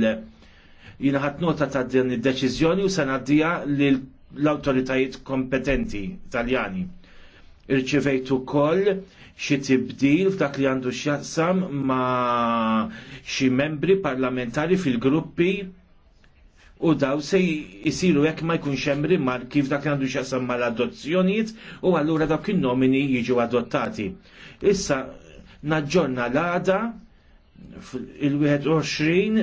Le. Jina ħat nota ta' din id-deċiżjoni u sanaddija ngħaddija l-awtoritajiet kompetenti Taljani. Irċivejt ukoll xi tibdil f'dak li għandu x'jaqsam ma' xi membri parlamentari fil-gruppi u daw se jisiru jekk ma jkunx xembri rimar kif dak għandu x'jaqsam mal-adozzjonijiet u allura dak in-nomini jiġu adottati. Issa naġġorna l-għada il-21